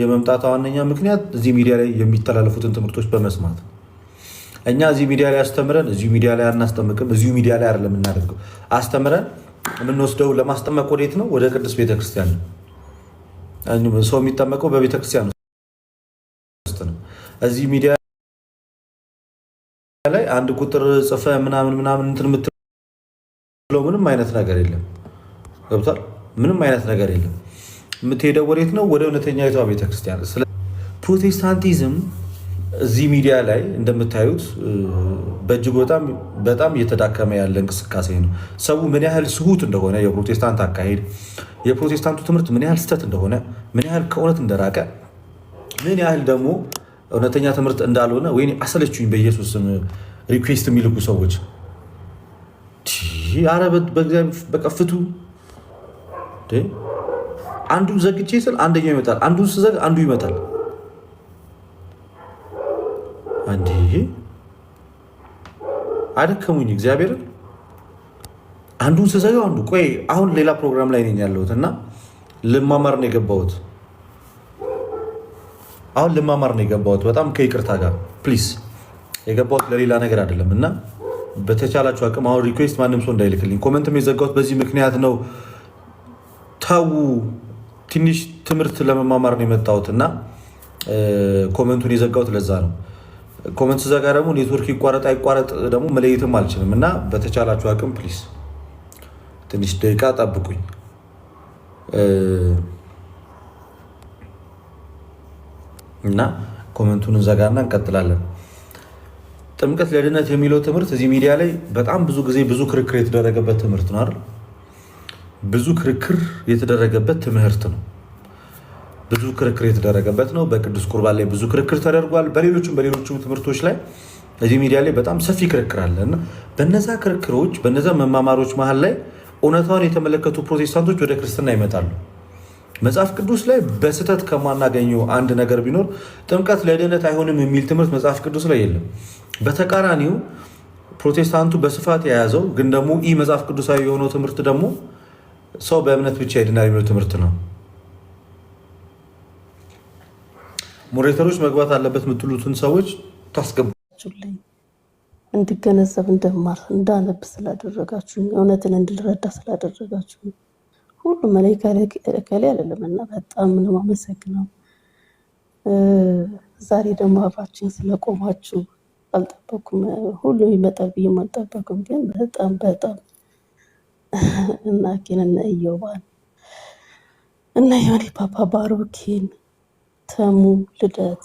የመምጣት ዋነኛ ምክንያት እዚህ ሚዲያ ላይ የሚተላለፉትን ትምህርቶች በመስማት እኛ እዚህ ሚዲያ ላይ አስተምረን እዚሁ ሚዲያ ላይ አናስጠምቅም። እዚሁ ሚዲያ ላይ አይደለም የምናደርገው። አስተምረን የምንወስደው ለማስጠመቅ ወዴት ነው? ወደ ቅዱስ ቤተክርስቲያን ነው። ሰው የሚጠመቀው በቤተክርስቲያን ውስጥ ነው። እዚህ ሚዲያ ላይ አንድ ቁጥር ጽፈ ምናምን ምናምን እንትን የምትለው ምንም አይነት ነገር የለም። ገብቷል? ምንም አይነት ነገር የለም። የምትሄደው ወዴት ነው? ወደ እውነተኛዋ ቤተክርስቲያን። ፕሮቴስታንቲዝም እዚህ ሚዲያ ላይ እንደምታዩት በእጅግ በጣም እየተዳከመ ያለ እንቅስቃሴ ነው። ሰው ምን ያህል ስሁት እንደሆነ የፕሮቴስታንት አካሄድ፣ የፕሮቴስታንቱ ትምህርት ምን ያህል ስተት እንደሆነ፣ ምን ያህል ከእውነት እንደራቀ፣ ምን ያህል ደግሞ እውነተኛ ትምህርት እንዳልሆነ ወይ አሰለችኝ በኢየሱስ ሪኩዌስት የሚልኩ ሰዎች አረ በእግዚአብሔር በቀፍቱ አንዱን ዘግቼ ስል አንደኛው ይመጣል። አንዱን ስዘግ አንዱ ይመጣል። እንዲህ አደከሙኝ እግዚአብሔርን። አንዱን ስዘገው አንዱ ቆይ፣ አሁን ሌላ ፕሮግራም ላይ ነኝ ያለሁት እና ልማማር ነው የገባሁት። አሁን ልማማር ነው የገባሁት። በጣም ከይቅርታ ጋር ፕሊስ፣ የገባሁት ለሌላ ነገር አይደለም እና በተቻላችሁ አቅም አሁን ሪኩዌስት ማንም ሰው እንዳይልክልኝ። ኮመንትም የዘጋሁት በዚህ ምክንያት ነው። ተዉ። ትንሽ ትምህርት ለመማማር ነው የመጣሁት እና ኮመንቱን የዘጋሁት ለዛ ነው። ኮመንት ስዘጋ ደግሞ ኔትወርክ ይቋረጥ አይቋረጥ ደግሞ መለየትም አልችልም እና በተቻላችሁ አቅም ፕሊስ ትንሽ ደቂቃ ጠብቁኝ። እና ኮመንቱን እንዘጋና እንቀጥላለን። ጥምቀት ለድነት የሚለው ትምህርት እዚህ ሚዲያ ላይ በጣም ብዙ ጊዜ ብዙ ክርክር የተደረገበት ትምህርት ነው አይደል? ብዙ ክርክር የተደረገበት ትምህርት ነው። ብዙ ክርክር የተደረገበት ነው። በቅዱስ ቁርባን ላይ ብዙ ክርክር ተደርጓል። በሌሎችም በሌሎችም ትምህርቶች ላይ እዚህ ሚዲያ ላይ በጣም ሰፊ ክርክር አለ እና በነዛ ክርክሮች በነዛ መማማሮች መሀል ላይ እውነታውን የተመለከቱ ፕሮቴስታንቶች ወደ ክርስትና ይመጣሉ። መጽሐፍ ቅዱስ ላይ በስህተት ከማናገኘው አንድ ነገር ቢኖር ጥምቀት ለድህነት አይሆንም የሚል ትምህርት መጽሐፍ ቅዱስ ላይ የለም። በተቃራኒው ፕሮቴስታንቱ በስፋት የያዘው ግን ደግሞ ኢ መጽሐፍ ቅዱሳዊ የሆነው ትምህርት ደግሞ ሰው በእምነት ብቻ ይድናል የሚለው ትምህርት ነው። ሞዴሬተሮች መግባት አለበት የምትሉትን ሰዎች ታስገባችሁልኝ እንድገነዘብ እንደማር እንዳነብ ስላደረጋችሁ እውነትን እንድልረዳ ስላደረጋችሁ ሁሉ መላይ ከላይ አይደለም እና በጣም ነው አመሰግነው። ዛሬ ደግሞ አብራችን ስለቆማችሁ አልጠበኩም። ሁሉም ይመጣል ብዬም አልጠበኩም፣ ግን በጣም በጣም እናኬን እነ ኢዮባን እነ ፓፓ ባሩኪን ተሙ ልደት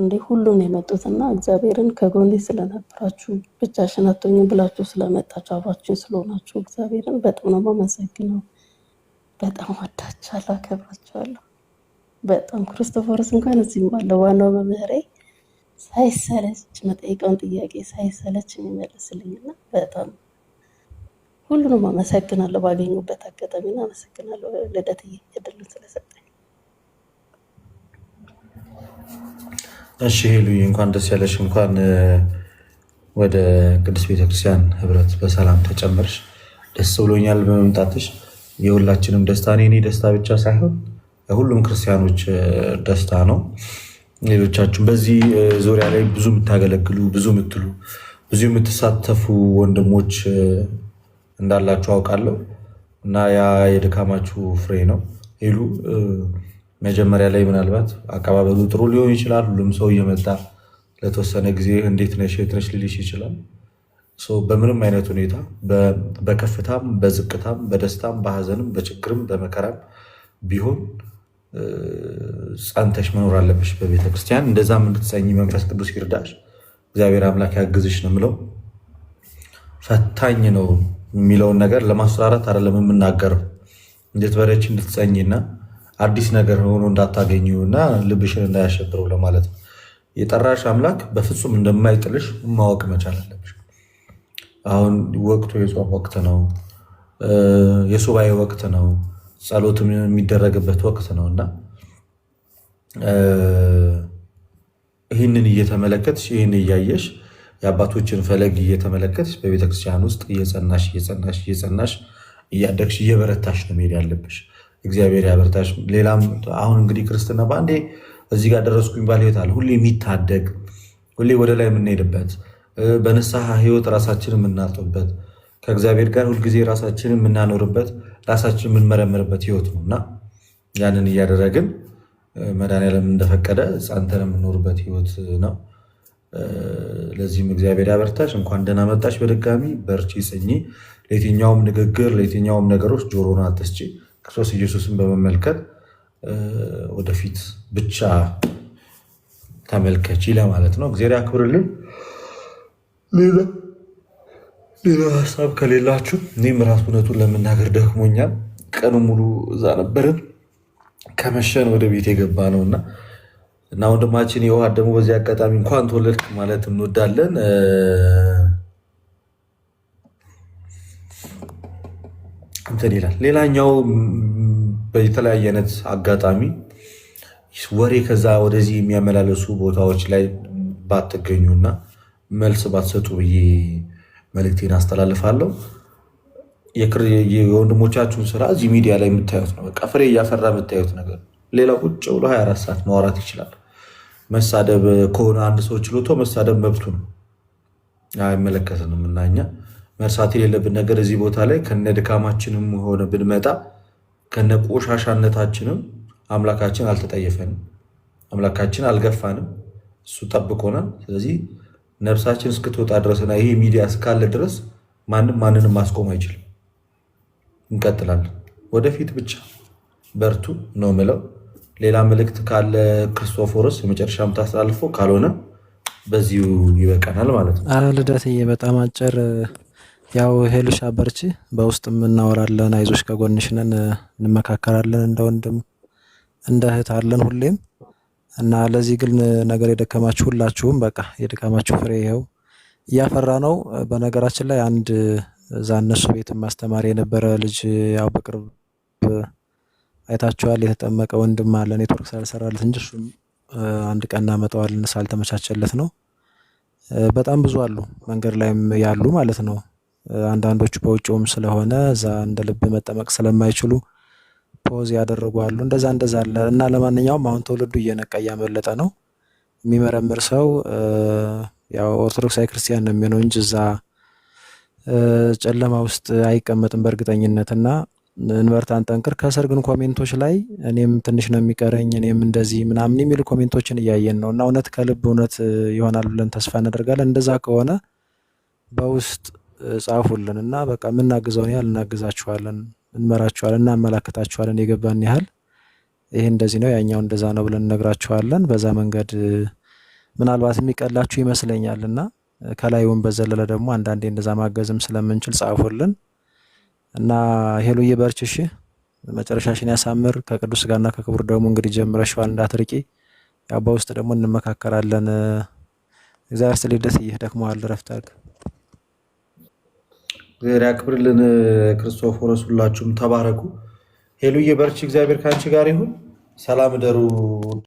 እንዴ ሁሉም የመጡት እና እግዚአብሔርን ከጎኔ ስለነበራችሁ ብቻሽን አትሆኝም ብላችሁ ስለመጣችሁ አብራችሁኝ ስለሆናችሁ እግዚአብሔርን በጣም ነው የማመሰግነው። በጣም ወዳችኋለሁ፣ አከብራችኋለሁ። በጣም ክርስቶፎርስ እንኳን እዚህም አለ ዋናው መምህሬ ሳይሰለች መጠይቀውን ጥያቄ ሳይሰለች የሚመልስልኝና በጣም ሁሉንም አመሰግናለሁ። ባገኙበት አጋጣሚና አመሰግናለሁ ልደት እድልን ስለሰጠኝ። እሺ ሄሉዬ፣ እንኳን ደስ ያለሽ። እንኳን ወደ ቅዱስ ቤተክርስቲያን ህብረት በሰላም ተጨመርሽ። ደስ ብሎኛል በመምጣትሽ። የሁላችንም ደስታ እኔ ደስታ ብቻ ሳይሆን የሁሉም ክርስቲያኖች ደስታ ነው። ሌሎቻችሁ በዚህ ዙሪያ ላይ ብዙ የምታገለግሉ ብዙ የምትሉ ብዙ የምትሳተፉ ወንድሞች እንዳላችሁ አውቃለሁ እና ያ የድካማችሁ ፍሬ ነው። ሄሉ መጀመሪያ ላይ ምናልባት አቀባበሉ ጥሩ ሊሆን ይችላል። ሁሉም ሰው እየመጣ ለተወሰነ ጊዜ እንዴት ነሽ የት ነሽ ሊልሽ ይችላል። በምንም አይነት ሁኔታ በከፍታም በዝቅታም በደስታም በሀዘንም በችግርም በመከራም ቢሆን ጸንተሽ መኖር አለብሽ በቤተክርስቲያን። እንደዛም እንድትጸኝ መንፈስ ቅዱስ ይርዳሽ፣ እግዚአብሔር አምላክ ያግዝሽ ነው የምለው። ፈታኝ ነው የሚለውን ነገር ለማስፈራራት አይደለም የምናገረው። እንዴት በሬች እንድትጸኝና አዲስ ነገር ሆኖ እንዳታገኙ እና ልብሽን እንዳያሸብረው ለማለት ነው። የጠራሽ አምላክ በፍጹም እንደማይጥልሽ ማወቅ መቻል አለብሽ። አሁን ወቅቱ የጾም ወቅት ነው፣ የሱባኤ ወቅት ነው፣ ጸሎት የሚደረግበት ወቅት ነው እና ይህንን እየተመለከትሽ ይህን እያየሽ የአባቶችን ፈለግ እየተመለከትሽ በቤተክርስቲያን ውስጥ እየጸናሽ እየጸናሽ እየጸናሽ እያደግሽ እየበረታሽ ነው መሄድ ያለብሽ። እግዚአብሔር ያበርታሽ። ሌላም አሁን እንግዲህ ክርስትና በአንዴ እዚህ ጋር ደረስኩኝ ባል ህይወት አለ። ሁሌ የሚታደግ ሁሌ ወደ ላይ የምንሄድበት በንስሐ ህይወት ራሳችንን የምናጥበት ከእግዚአብሔር ጋር ሁልጊዜ ራሳችን የምናኖርበት ራሳችን የምንመረምርበት ህይወት ነው እና ያንን እያደረግን መድኃኒዓለም እንደፈቀደ ጸንተን የምንኖርበት ህይወት ነው። ለዚህም እግዚአብሔር ያበርታሽ። እንኳን ደህና መጣሽ በድጋሚ በርቺ፣ ጽኚ። ለየትኛውም ንግግር፣ ለየትኛውም ነገሮች ጆሮን አትስጪ። ክርስቶስ ኢየሱስን በመመልከት ወደፊት ብቻ ተመልከች ለማለት ነው። እግዚአብሔር ያክብርልን። ሌላ ሀሳብ ከሌላችሁ እኔም ራሱ እውነቱን ለመናገር ደክሞኛል። ቀኑ ሙሉ እዛ ነበርን። ከመሸን ወደ ቤት የገባ ነውና እና ወንድማችን የውሃ ደግሞ በዚህ አጋጣሚ እንኳን ተወለድክ ማለት እንወዳለን። እንትን ይላል። ሌላኛው በተለያየ አይነት አጋጣሚ ወሬ ከዛ ወደዚህ የሚያመላለሱ ቦታዎች ላይ ባትገኙና መልስ ባትሰጡ ብዬ መልእክቴን አስተላልፋለሁ። የወንድሞቻችሁን ስራ እዚህ ሚዲያ ላይ የምታዩት ነው። በቃ ፍሬ እያፈራ የምታዩት ነገር ሌላ ቁጭ ብሎ 24 ሰዓት ማውራት ይችላል። መሳደብ ከሆነ አንድ ሰው ችሎቶ መሳደብ መብቱ ነው፣ አይመለከትንም። እና እኛ መርሳት የሌለብን ነገር እዚህ ቦታ ላይ ከነ ድካማችንም ሆነ ብንመጣ ከነ ቆሻሻነታችንም አምላካችን አልተጠየፈንም፣ አምላካችን አልገፋንም፣ እሱ ጠብቆናል። ስለዚህ ነፍሳችን እስክትወጣ ድረስና ይሄ ሚዲያ እስካለ ድረስ ማንም ማንንም ማስቆም አይችልም። እንቀጥላለን ወደፊት ብቻ በርቱ ነው ምለው። ሌላ መልእክት ካለ ክርስቶፎርስ የመጨረሻም ታስተላልፎ፣ ካልሆነ በዚሁ ይበቃናል ማለት ነው። አረ ልደትዬ በጣም አጭር ያው ሄልሻ አበርቺ በውስጥም እናወራለን። አይዞሽ ከጎንሽ ነን፣ እንመካከራለን። እንደ ወንድም እንደ እህት አለን ሁሌም እና ለዚህ ግን ነገር የደከማችሁ ሁላችሁም በቃ የደከማችሁ ፍሬ ይኸው እያፈራ ነው። በነገራችን ላይ አንድ እዛ እነሱ ማስተማሪ የነበረ ልጅ ያው በቅርብ አይታችኋል። የተጠመቀ ወንድም አለ ኔትወርክ ስላልሰራለት እንጂ እሱም አንድ ቀን እናመጣዋለን ሳልተመቻቸለት ነው። በጣም ብዙ አሉ መንገድ ላይም ያሉ ማለት ነው። አንዳንዶቹ በውጭውም ስለሆነ እዛ እንደ ልብ መጠመቅ ስለማይችሉ ፖዝ ያደረጉ አሉ። እንደዛ እንደዛ አለ እና ለማንኛውም አሁን ትውልዱ እየነቃ እያመለጠ ነው። የሚመረምር ሰው ያው ኦርቶዶክሳዊ ክርስቲያን ነው የሚሆነው እንጂ እዛ ጨለማ ውስጥ አይቀመጥም በእርግጠኝነት እና እንበርታን ጠንክር ከስር ግን ኮሜንቶች ላይ እኔም ትንሽ ነው የሚቀረኝ እኔም እንደዚህ ምናምን የሚሉ ኮሜንቶችን እያየን ነው እና እውነት ከልብ እውነት ይሆናል ብለን ተስፋ እናደርጋለን። እንደዛ ከሆነ በውስጥ ጻፉልን እና በቃ የምናግዘውን ያህል እናግዛችኋለን፣ እንመራችኋለን፣ እናመላክታችኋለን የገባን ያህል ይሄ እንደዚህ ነው ያኛው እንደዛ ነው ብለን እነግራችኋለን። በዛ መንገድ ምናልባት የሚቀላችሁ ይመስለኛል እና ከላይውን በዘለለ ደግሞ አንዳንዴ እንደዛ ማገዝም ስለምንችል ጻፉልን። እና ሄሉዬ በርቺ እሺ፣ መጨረሻሽን ያሳምር ከቅዱስ ጋርና ከክቡር ደግሞ እንግዲህ ጀምረሽዋል እንዳትርቂ። ያው በውስጥ ደግሞ እንመካከራለን። እግዚአብሔር ስለደስ ይህ ይደክመዋል። ረፍት አድርግ። እግዚአብሔር ያክብርልን። ክርስቶፎሮስ ሁላችሁም ተባረኩ። ሄሉዬ በርቺ፣ እግዚአብሔር ከአንቺ ጋር ይሁን። ሰላም እደሩ።